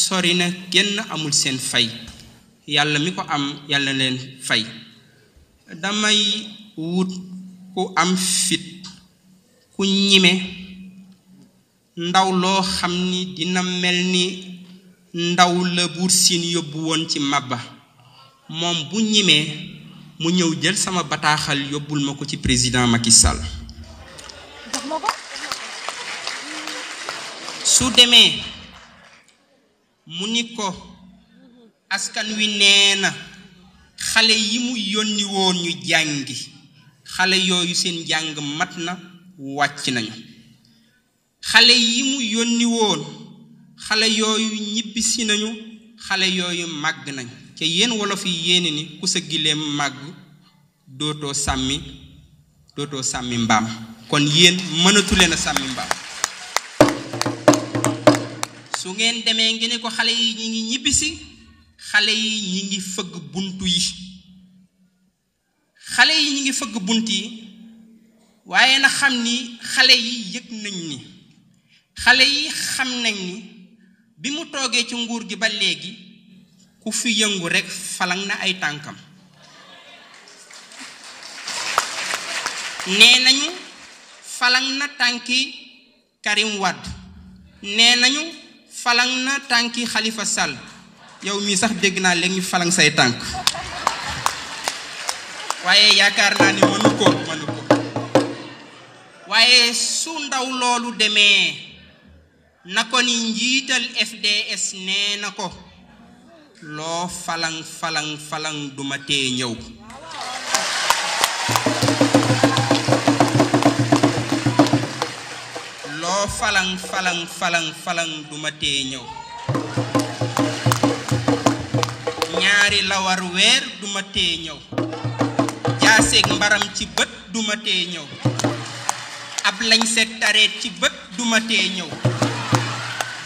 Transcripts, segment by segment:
sori na génn amul seen fay yàlla mi ko am yàlla leen fay damay wut ku am fit ku ñime ndaw loo xam ni dina mel ni ndaw la buur siin yóbbu woon ci màbba moom bu ñimee mu ñëw jël sama bataaxal yóbbul ma ko ci président Macky mu ni ko askan wi nee na xale yi mu yónniwoon woon ñu jàngi xale yooyu seen jàng mat na wàcc nañu xale yi mu yónni xale yooyu ñibbisi nañu xale yooyu màgg nañ te yéen wolof yi yéene ni ku sa gileem màgg dootoo sàmmi dootoo sàmmi mbaam kon yéen mënatu leen a sàmmi mbaam su ngeen demee ngi ne ko xale yi ñi ngi ñibbisi xale yi ñu ngi fëgg bunt yi xale yi ñi ngi fëgg bunt yi waaye na xam ni xale yi yëg nañ ni xale yi xam nañ ni bi mu toogee ci nguur gi ba léegi ku fi yëngu rekk falang na ay tànkam nee nañu falang na tànki Karim Wade nee nañu falang na tànki xalifa Sall yow mii sax dégg naa léegi ñu say tànk waaye yaakaar naa ni mënu ko waaye su ndaw loolu demee na ko ni njiital FDS nee na ko loo falang falang falang duma tee ñëw loo falang falang falang falang du ñëw ñaari lawar weer du ma téye ñëw jaaseeg mbaram ci bët du ma téye ab lañ seet tareet ci bët du ma téye ñëw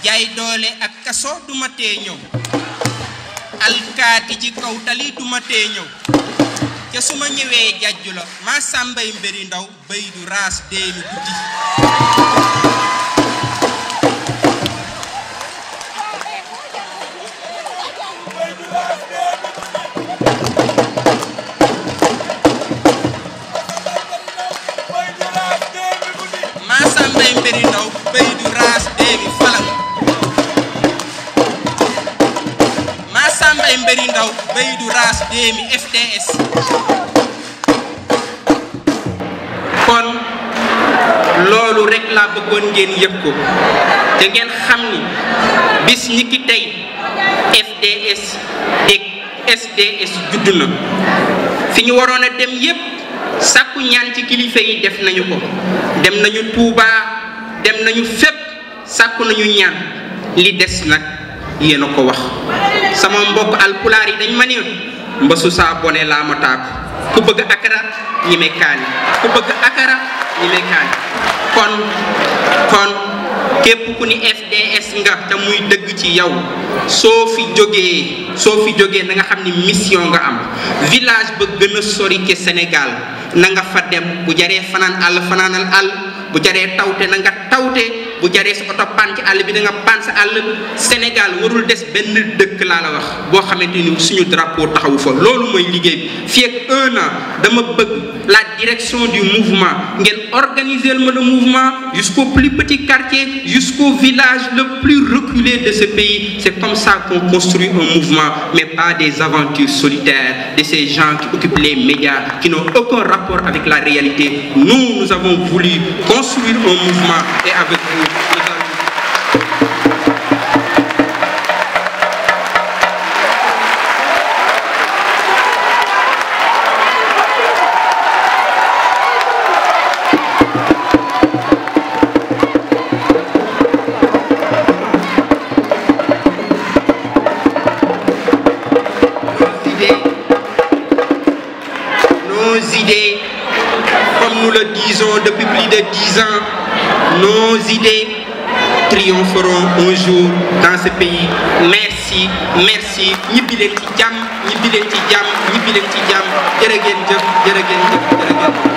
jaay doole ak kaso du ma téye ñëw alkaati ci kaw tali du ma ñëw ca su ma ñëwee jàjju la maa sàmbay mbiri ndaw béy du raas guddi e mbeeri kon loolu rek laa bëggoon ngeen yëg ko te ngeen xam ni bis ñi ki tey fds ek sds judd na fi ñu waroon a dem yépp sàkku ñaan ci kilifa yi def nañu ko dem nañu Touba dem nañu fépp sàkku nañu ñaan li des nag yéen a ko wax sama mbokk Alpulari, yi dañ ma ni mbasu saa bone laa ma taako ku bëgg akara ñi may ku bëgg akara ñi may kon kon képp ku ni FDS nga ta muy dëgg ci yow so fi joggé so fi joggé na nga xamni mission nga am village ba gëna sori ke Sénégal na nga fa dem bu jaré fanan al fananal al bu jaré tawté na nga tawté la direction du mouvement ngeen organiser le mouvement jusqu'au plus petit quartier jusqu'au village le plus reculé de ce pays c'est comme ça qu'on construit un mouvement mais pas des aventures solitaires de ces gens qui occupent les médias qui n'ont aucun rapport avec la réalité nous nous avons voulu construire un mouvement et avec vous nos idées, comme nous le disons depuis plus de dix ans, nos idées triompheront un jour dans ce pays. Merci, merci. ñibbi leen ci jàmm ñibbi leen ci jàmm ñibbi ci jàmm jërë ngeen jëf